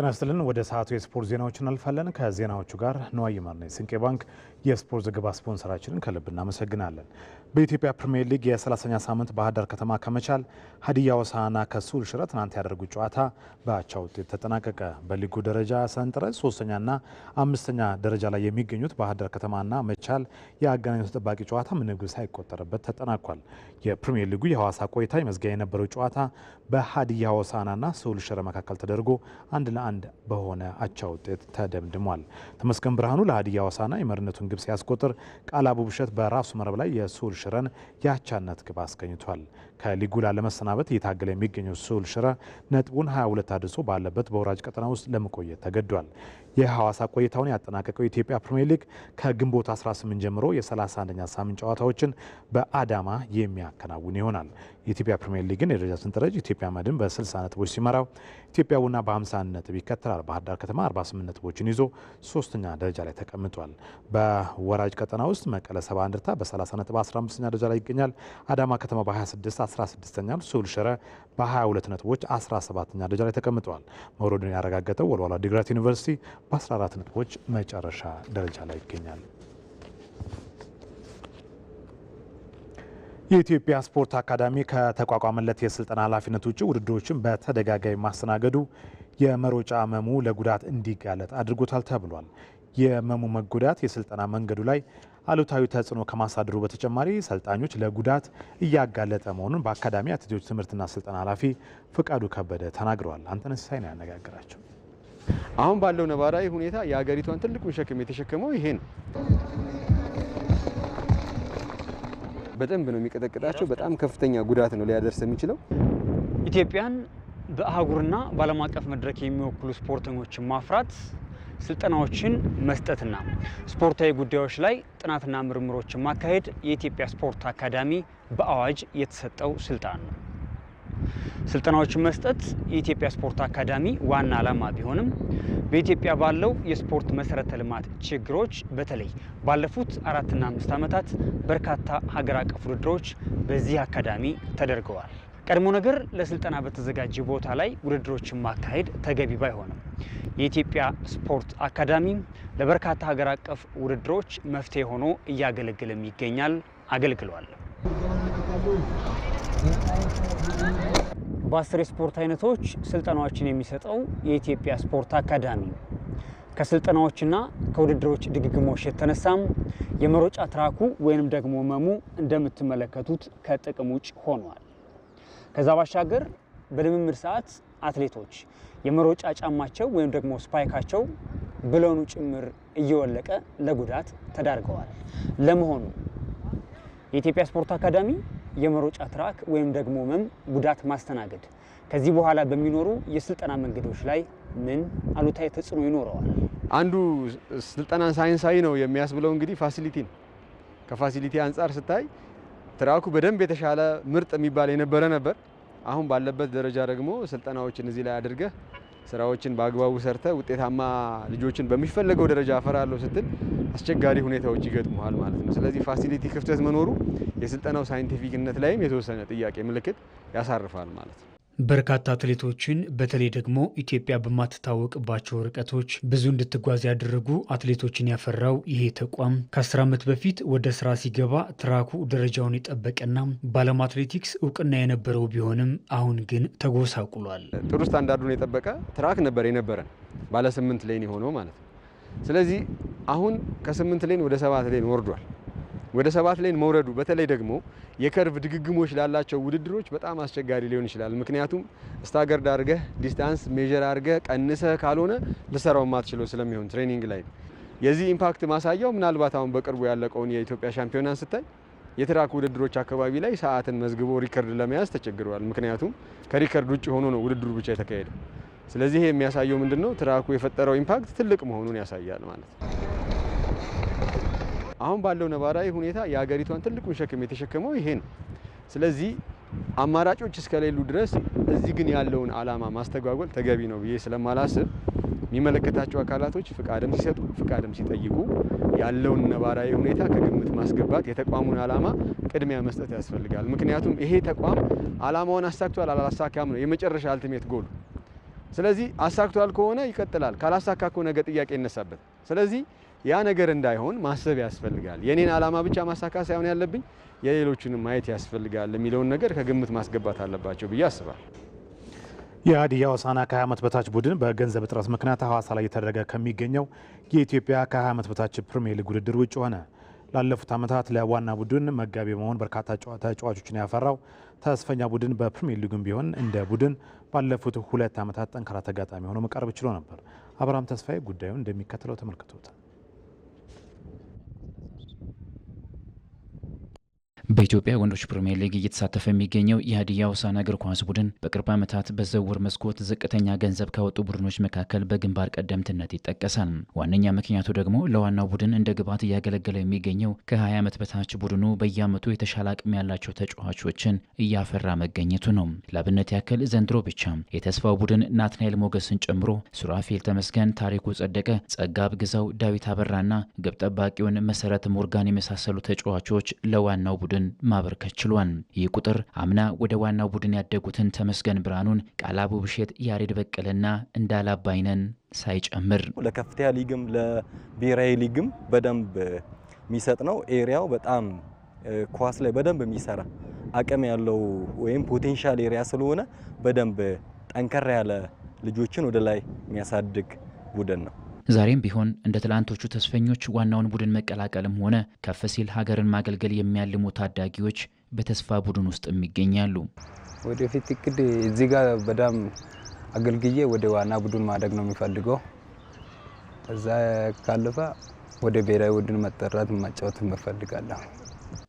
ጤና ይስጥልን። ወደ ሰዓቱ የስፖርት ዜናዎች እናልፋለን። ከዜናዎቹ ጋር ነዋይ ይማር ነኝ። ስንቄ ባንክ የስፖርት ዘገባ ስፖንሰራችንን ከልብ እናመሰግናለን። በኢትዮጵያ ፕሪምየር ሊግ የ30ኛ ሳምንት ባህር ዳር ከተማ ከመቻል፣ ሀዲያ ሆሳዕና ከሱል ሽረ ትናንት ያደረጉት ጨዋታ በአቻ ውጤት ተጠናቀቀ። በሊጉ ደረጃ ሰንጠረዥ ሶስተኛና አምስተኛ ደረጃ ላይ የሚገኙት ባህር ዳር ከተማና መቻል የአገናኙ ተጠባቂ ጨዋታ ምንም ግብ ሳይቆጠርበት ተጠናቋል። የፕሪምየር ሊጉ የሐዋሳ ቆይታ መዝጊያ የነበረው ጨዋታ በሀዲያ ሆሳዕናና ሱል ሽረ መካከል ተደርጎ አንድ ለ አንድ በሆነ አቻ ውጤት ተደምድሟል። ተመስገን ብርሃኑ ለሀዲያ ሆሳዕና የመሪነቱን ግብ ሲያስቆጥር፣ ቃል አቡብሸት በራሱ መረብ ላይ የስሁል ሽረን የአቻነት ግብ አስገኝቷል። ከሊጉ ላለመሰናበት እየታገለ የሚገኘው ስሁል ሽረ ነጥቡን 22 አድርሶ ባለበት በወራጅ ቀጠና ውስጥ ለመቆየት ተገዷል። የሐዋሳ ቆይታውን ያጠናቀቀው የኢትዮጵያ ፕሪምየር ሊግ ከግንቦት 18 ጀምሮ የ31ኛ ሳምንት ጨዋታዎችን በአዳማ የሚያከናውን ይሆናል። የኢትዮጵያ ፕሪምየር ሊግን የደረጃ ሰንጠረዥ ኢትዮጵያ መድን በ60 ነጥቦች ሲመራው ኢትዮጵያ ቡና በ51 ነጥብ ይከተላል። ባህር ዳር ከተማ 48 ነጥቦችን ይዞ ሶስተኛ ደረጃ ላይ ተቀምጧል። በወራጅ ቀጠና ውስጥ መቀለ 70 እንደርታ በ30 ነጥብ 15ኛ ደረጃ ላይ ይገኛል። አዳማ ከተማ በ26 16ኛ፣ ስሁል ሽረ በ22 ነጥቦች 17ኛ ደረጃ ላይ ተቀምጠዋል። መውረዱን ያረጋገጠው ወልዋሎ ዓዲግራት ዩኒቨርሲቲ በ14 ነጥቦች መጨረሻ ደረጃ ላይ ይገኛል። የኢትዮጵያ ስፖርት አካዳሚ ከተቋቋመለት የስልጠና ኃላፊነት ውጭ ውድድሮችን በተደጋጋሚ ማስተናገዱ የመሮጫ መሙ ለጉዳት እንዲጋለጥ አድርጎታል ተብሏል። የመሙ መጎዳት የስልጠና መንገዱ ላይ አሉታዊ ተጽዕኖ ከማሳደሩ በተጨማሪ ሰልጣኞች ለጉዳት እያጋለጠ መሆኑን በአካዳሚ አትሌቶች ትምህርትና ስልጠና ኃላፊ ፍቃዱ ከበደ ተናግረዋል። አንተነህ ሲሳይ ነው ያነጋግራቸው። አሁን ባለው ነባራዊ ሁኔታ የሀገሪቷን ትልቁን ሸክም የተሸከመው ይሄ ነው። በደንብ ነው የሚቀጠቅጣቸው። በጣም ከፍተኛ ጉዳት ነው ሊያደርስ የሚችለው ኢትዮጵያን በአህጉርና በዓለም አቀፍ መድረክ የሚወክሉ ስፖርተኞችን ማፍራት፣ ስልጠናዎችን መስጠትና ስፖርታዊ ጉዳዮች ላይ ጥናትና ምርምሮችን ማካሄድ የኢትዮጵያ ስፖርት አካዳሚ በአዋጅ የተሰጠው ስልጣን ነው። ስልጠናዎችን መስጠት የኢትዮጵያ ስፖርት አካዳሚ ዋና ዓላማ ቢሆንም በኢትዮጵያ ባለው የስፖርት መሰረተ ልማት ችግሮች በተለይ ባለፉት አራትና አምስት ዓመታት በርካታ ሀገር አቀፍ ውድድሮች በዚህ አካዳሚ ተደርገዋል። ቀድሞ ነገር ለስልጠና በተዘጋጀ ቦታ ላይ ውድድሮችን ማካሄድ ተገቢ ባይሆንም የኢትዮጵያ ስፖርት አካዳሚ ለበርካታ ሀገር አቀፍ ውድድሮች መፍትሄ ሆኖ እያገለገለም ይገኛል፣ አገልግሏል። በአስር የስፖርት አይነቶች ስልጠናዎችን የሚሰጠው የኢትዮጵያ ስፖርት አካዳሚ ከስልጠናዎችና ከውድድሮች ድግግሞሽ የተነሳም የመሮጫ ትራኩ ወይንም ደግሞ መሙ እንደምትመለከቱት ከጥቅም ውጭ ሆኗል። ከዛ ባሻገር በልምምድ ሰዓት አትሌቶች የመሮጫ ጫማቸው ወይም ደግሞ ስፓይካቸው ብለኑ ጭምር እየወለቀ ለጉዳት ተዳርገዋል። ለመሆኑ የኢትዮጵያ ስፖርት አካዳሚ የመሮጫ ትራክ ወይም ደግሞ መም ጉዳት ማስተናገድ ከዚህ በኋላ በሚኖሩ የስልጠና መንገዶች ላይ ምን አሉታዊ ተጽዕኖ ይኖረዋል? አንዱ ስልጠና ሳይንሳዊ ነው የሚያስብለው እንግዲህ ፋሲሊቲ ነው። ከፋሲሊቲ አንጻር ስታይ ትራኩ በደንብ የተሻለ ምርጥ የሚባል የነበረ ነበር። አሁን ባለበት ደረጃ ደግሞ ስልጠናዎችን እዚህ ላይ አድርገህ ስራዎችን በአግባቡ ሰርተ ውጤታማ ልጆችን በሚፈለገው ደረጃ አፈራለሁ ስትል አስቸጋሪ ሁኔታዎች ይገጥመዋል ማለት ነው። ስለዚህ ፋሲሊቲ ክፍተት መኖሩ የስልጠናው ሳይንቲፊክነት ላይም የተወሰነ ጥያቄ ምልክት ያሳርፋል ማለት ነው። በርካታ አትሌቶችን በተለይ ደግሞ ኢትዮጵያ በማትታወቅባቸው ርቀቶች ብዙ እንድትጓዝ ያደረጉ አትሌቶችን ያፈራው ይሄ ተቋም ከአስር ዓመት በፊት ወደ ስራ ሲገባ ትራኩ ደረጃውን የጠበቀና በዓለም አትሌቲክስ እውቅና የነበረው ቢሆንም አሁን ግን ተጎሳቁሏል። ጥሩ ስታንዳርዱን የጠበቀ ትራክ ነበር የነበረን ባለ ስምንት ሌን የሆነው ማለት ነው። ስለዚህ አሁን ከስምንት ሌን ወደ ሰባት ሌን ወርዷል። ወደ ሰባት ላይን መውረዱ በተለይ ደግሞ የከርቭ ድግግሞች ላላቸው ውድድሮች በጣም አስቸጋሪ ሊሆን ይችላል። ምክንያቱም ስታገርድ አድርገህ ዲስታንስ ሜዥር አድርገህ ቀንሰህ ካልሆነ ልሰራው ማትችለው ስለሚሆን ትሬኒንግ ላይ የዚህ ኢምፓክት ማሳያው ምናልባት አሁን በቅርቡ ያለቀውን የኢትዮጵያ ሻምፒዮናን ስታይ የትራክ ውድድሮች አካባቢ ላይ ሰዓትን መዝግቦ ሪከርድ ለመያዝ ተቸግረዋል። ምክንያቱም ከሪከርድ ውጭ ሆኖ ነው ውድድሩ ብቻ የተካሄደው። ስለዚህ ይሄ የሚያሳየው ምንድን ነው? ትራኩ የፈጠረው ኢምፓክት ትልቅ መሆኑን ያሳያል ማለት ነው። አሁን ባለው ነባራዊ ሁኔታ የሀገሪቷን ትልቁን ሸክም የተሸከመው ይሄ ነው። ስለዚህ አማራጮች እስከሌሉ ድረስ እዚህ ግን ያለውን ዓላማ ማስተጓጎል ተገቢ ነው ብዬ ስለማላስብ የሚመለከታቸው አካላቶች ፍቃድም ሲሰጡ ፍቃድም ሲጠይቁ ያለውን ነባራዊ ሁኔታ ከግምት ማስገባት የተቋሙን አላማ ቅድሚያ መስጠት ያስፈልጋል። ምክንያቱም ይሄ ተቋም አላማውን አሳክቷል አላሳካም ነው የመጨረሻ አልቲሜት ጎሉ። ስለዚህ አሳክቷል ከሆነ ይቀጥላል፣ ካላሳካ ከሆነ ነገ ጥያቄ ይነሳበት። ስለዚህ ያ ነገር እንዳይሆን ማሰብ ያስፈልጋል። የኔን ዓላማ ብቻ ማሳካ ሳይሆን ያለብኝ የሌሎችንም ማየት ያስፈልጋል የሚለውን ነገር ከግምት ማስገባት አለባቸው ብዬ አስባል። የሀዲያ ሆሳዕና ከ20 ዓመት በታች ቡድን በገንዘብ እጥረት ምክንያት ሐዋሳ ላይ እየተደረገ ከሚገኘው የኢትዮጵያ ከ20 ዓመት በታች ፕሪሚየር ሊግ ውድድር ውጭ ሆነ። ላለፉት ዓመታት ለዋና ቡድን መጋቢ በመሆን በርካታ ተጫዋቾችን ያፈራው ተስፈኛ ቡድን በፕሪሚየር ሊጉም ቢሆን እንደ ቡድን ባለፉት ሁለት ዓመታት ጠንካራ ተጋጣሚ ሆኖ መቀረብ ችሎ ነበር። አብርሃም ተስፋዬ ጉዳዩን እንደሚከተለው ተመልክቶታል። በኢትዮጵያ ወንዶች ፕሪምየር ሊግ እየተሳተፈ የሚገኘው የሀዲያ ሆሳዕና እግር ኳስ ቡድን በቅርብ ዓመታት በዝውውር መስኮት ዝቅተኛ ገንዘብ ካወጡ ቡድኖች መካከል በግንባር ቀደምትነት ይጠቀሳል። ዋነኛ ምክንያቱ ደግሞ ለዋናው ቡድን እንደ ግብዓት እያገለገለ የሚገኘው ከ20 ዓመት በታች ቡድኑ በየዓመቱ የተሻለ አቅም ያላቸው ተጫዋቾችን እያፈራ መገኘቱ ነው። ለአብነት ያክል ዘንድሮ ብቻ የተስፋው ቡድን ናትናኤል ሞገስን ጨምሮ ሱራፌል ተመስገን፣ ታሪኩ ጸደቀ፣ ጸጋብ ግዛው፣ ዳዊት አበራና ግብ ጠባቂውን መሰረት ሞርጋን የመሳሰሉ ተጫዋቾች ለዋናው ቡድን ቡድን ማበርከት ችሏል። ይህ ቁጥር አምና ወደ ዋናው ቡድን ያደጉትን ተመስገን ብርሃኑን፣ ቃላቡ ብሼት፣ ያሬድ በቀለና እንዳላባይነን ሳይጨምር ለከፍተኛ ሊግም ለብሔራዊ ሊግም በደንብ የሚሰጥ ነው። ኤሪያው በጣም ኳስ ላይ በደንብ የሚሰራ አቅም ያለው ወይም ፖቴንሻል ኤሪያ ስለሆነ በደንብ ጠንከር ያለ ልጆችን ወደ ላይ የሚያሳድግ ቡድን ነው። ዛሬም ቢሆን እንደ ትላንቶቹ ተስፈኞች ዋናውን ቡድን መቀላቀልም ሆነ ከፍ ሲል ሀገርን ማገልገል የሚያልሙ ታዳጊዎች በተስፋ ቡድን ውስጥ ይገኛሉ። ወደፊት እቅድ እዚህ ጋር በጣም አገልግዬ ወደ ዋና ቡድን ማደግ ነው የሚፈልገው። ከዛ ካለፈ ወደ ብሔራዊ ቡድን መጠራት መጫወት እንፈልጋለን።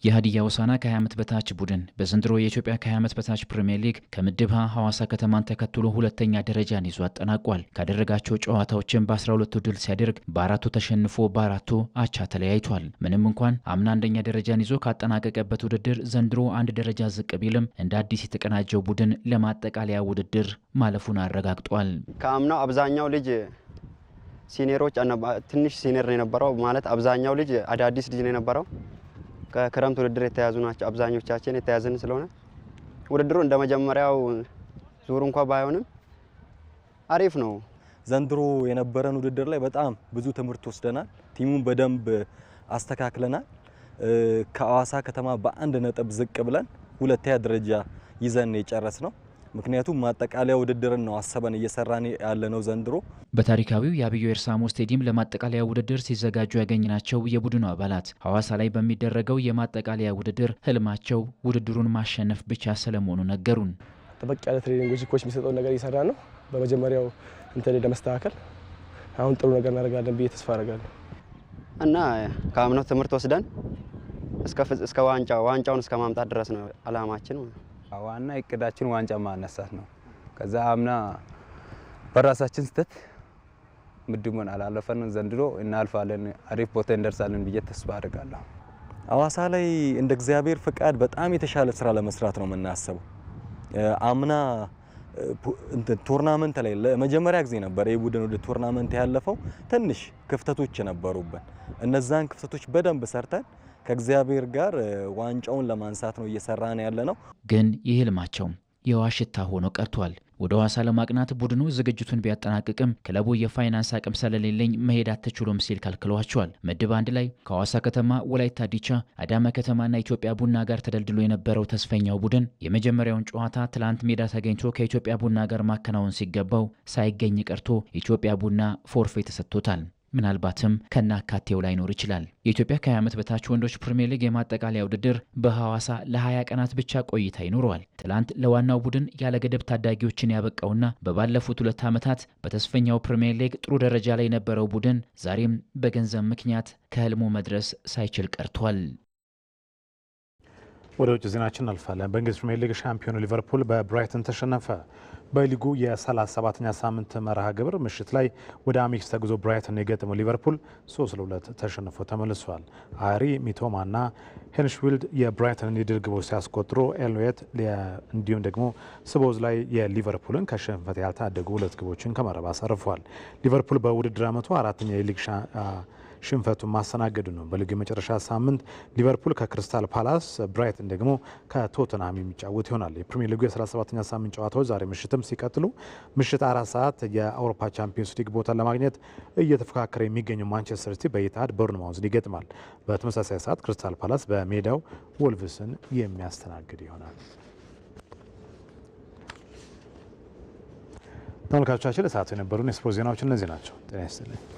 የሀዲያ ሆሳዕና ከ20 ዓመት በታች ቡድን በዘንድሮ የኢትዮጵያ ከ20 ዓመት በታች ፕሪምየር ሊግ ከምድብ ሀ ሐዋሳ ከተማን ተከትሎ ሁለተኛ ደረጃን ይዞ አጠናቋል። ካደረጋቸው ጨዋታዎችን በ12ቱ ድል ሲያደርግ በአራቱ ተሸንፎ በአራቱ አቻ ተለያይቷል። ምንም እንኳን አምና አንደኛ ደረጃን ይዞ ካጠናቀቀበት ውድድር ዘንድሮ አንድ ደረጃ ዝቅ ቢልም እንደ አዲስ የተቀናጀው ቡድን ለማጠቃለያ ውድድር ማለፉን አረጋግጧል። ከአምናው አብዛኛው ልጅ ሲኒሮች ትንሽ ሲኒር ነው የነበረው ማለት አብዛኛው ልጅ አዳዲስ ልጅ ነው የነበረው ከክረምት ውድድር የተያዙ ናቸው። አብዛኞቻችን የተያዝን ስለሆነ ውድድሩ እንደ መጀመሪያው ዙር እንኳ ባይሆንም አሪፍ ነው። ዘንድሮ የነበረን ውድድር ላይ በጣም ብዙ ትምህርት ወስደናል። ቲሙን በደንብ አስተካክለናል። ከአዋሳ ከተማ በአንድ ነጥብ ዝቅ ብለን ሁለተኛ ደረጃ ይዘን የጨረስ ነው። ምክንያቱም ማጠቃለያ ውድድርን ነው አሰበን እየሰራን ያለነው ዘንድሮ። በታሪካዊው የአብዮ ኤርሳሞ ስቴዲየም ለማጠቃለያ ውድድር ሲዘጋጁ ያገኝናቸው የቡድኑ አባላት ሐዋሳ ላይ በሚደረገው የማጠቃለያ ውድድር ህልማቸው ውድድሩን ማሸነፍ ብቻ ስለመሆኑ ነገሩን። ጥበቅ ያለ ትሬኒንጎች ኮች የሚሰጠውን ነገር እየሰራ ነው። በመጀመሪያው እንትን ለመስተካከል አሁን ጥሩ ነገር እናደርጋለን ብዬ ተስፋ አደርጋለሁ እና ከአምናው ትምህርት ወስደን እስከ ዋንጫውን እስከ ማምጣት ድረስ ነው አላማችን። ዋና እቅዳችን ዋንጫ ማነሳት ነው። ከዛ አምና በራሳችን ስህተት ምድቡን አላለፈን። ዘንድሮ እናልፋለን፣ አሪፍ ቦታ እንደርሳለን ብዬ ተስፋ አድርጋለሁ። ሀዋሳ ላይ እንደ እግዚአብሔር ፍቃድ በጣም የተሻለ ስራ ለመስራት ነው የምናስበው። አምና ቱርናመንት ላይ ለመጀመሪያ ጊዜ ነበር ይህ ቡድን ወደ ቱርናመንት ያለፈው። ትንሽ ክፍተቶች ነበሩብን። እነዛን ክፍተቶች በደንብ ሰርተን ከእግዚአብሔር ጋር ዋንጫውን ለማንሳት ነው እየሰራ ነው ያለ ነው። ግን ይህ ህልማቸውም የዋሽታ ሆኖ ቀርቷል። ወደ ዋሳ ለማቅናት ቡድኑ ዝግጅቱን ቢያጠናቅቅም ክለቡ የፋይናንስ አቅም ስለሌለኝ መሄድ አትችሉም ሲል ከልክሏቸዋል። ምድብ አንድ ላይ ከሐዋሳ ከተማ፣ ወላይታ ዲቻ፣ አዳማ ከተማና ኢትዮጵያ ቡና ጋር ተደልድሎ የነበረው ተስፈኛው ቡድን የመጀመሪያውን ጨዋታ ትላንት ሜዳ ተገኝቶ ከኢትዮጵያ ቡና ጋር ማከናወን ሲገባው ሳይገኝ ቀርቶ ኢትዮጵያ ቡና ፎርፌ ተሰጥቶታል። ምናልባትም ከናካቴው ላይኖር ይችላል። የኢትዮጵያ ከ20 ዓመት በታች ወንዶች ፕሪምየር ሊግ የማጠቃለያ ውድድር በሐዋሳ ለ20 ቀናት ብቻ ቆይታ ይኖረዋል። ትላንት ለዋናው ቡድን ያለገደብ ታዳጊዎችን ያበቃውና በባለፉት ሁለት ዓመታት በተስፈኛው ፕሪምየር ሊግ ጥሩ ደረጃ ላይ የነበረው ቡድን ዛሬም በገንዘብ ምክንያት ከህልሙ መድረስ ሳይችል ቀርቷል። ወደ ውጭ ዜናችን እናልፋለን። በእንግሊዝ ፕሪሚየር ሊግ ሻምፒዮኑ ሊቨርፑል በብራይተን ተሸነፈ። በሊጉ የ37ኛ ሳምንት መርሃ ግብር ምሽት ላይ ወደ አሚክስ ተጉዞ ብራይተን የገጠመው ሊቨርፑል 3 ለ2 ተሸንፎ ተመልሷል። አሪ ና ሄንሽዊልድ የብራይተንን የድል ግቦች ሲያስቆጥሩ ኤልዌት እንዲሁም ደግሞ ስቦዝ ላይ የሊቨርፑልን ከሽንፈት ያልታደጉ ሁለት ግቦችን ከመረብ አሰርፏል። ሊቨርፑል በውድድር ዓመቱ አራተኛ የሊግ ሽንፈቱን ማስተናገዱ ነው። በሊጉ የመጨረሻ ሳምንት ሊቨርፑል ከክሪስታል ፓላስ፣ ብራይተን ደግሞ ከቶተንሃም የሚጫወት ይሆናል። የፕሪሚየር ሊጉ የ17ኛ ሳምንት ጨዋታዎች ዛሬ ምሽትም ሲቀጥሉ ምሽት አራት ሰዓት የአውሮፓ ቻምፒዮንስ ሊግ ቦታን ለማግኘት እየተፎካከረ የሚገኘው ማንቸስተር ሲቲ በኢትሃድ ቦርንማውዝን ይገጥማል። በተመሳሳይ ሰዓት ክሪስታል ፓላስ በሜዳው ወልቭስን የሚያስተናግድ ይሆናል። ተመልካቾቻችን ለሰዓቱ የነበሩን የስፖርት ዜናዎች እነዚህ ናቸው። ጤና ይስጥልኝ።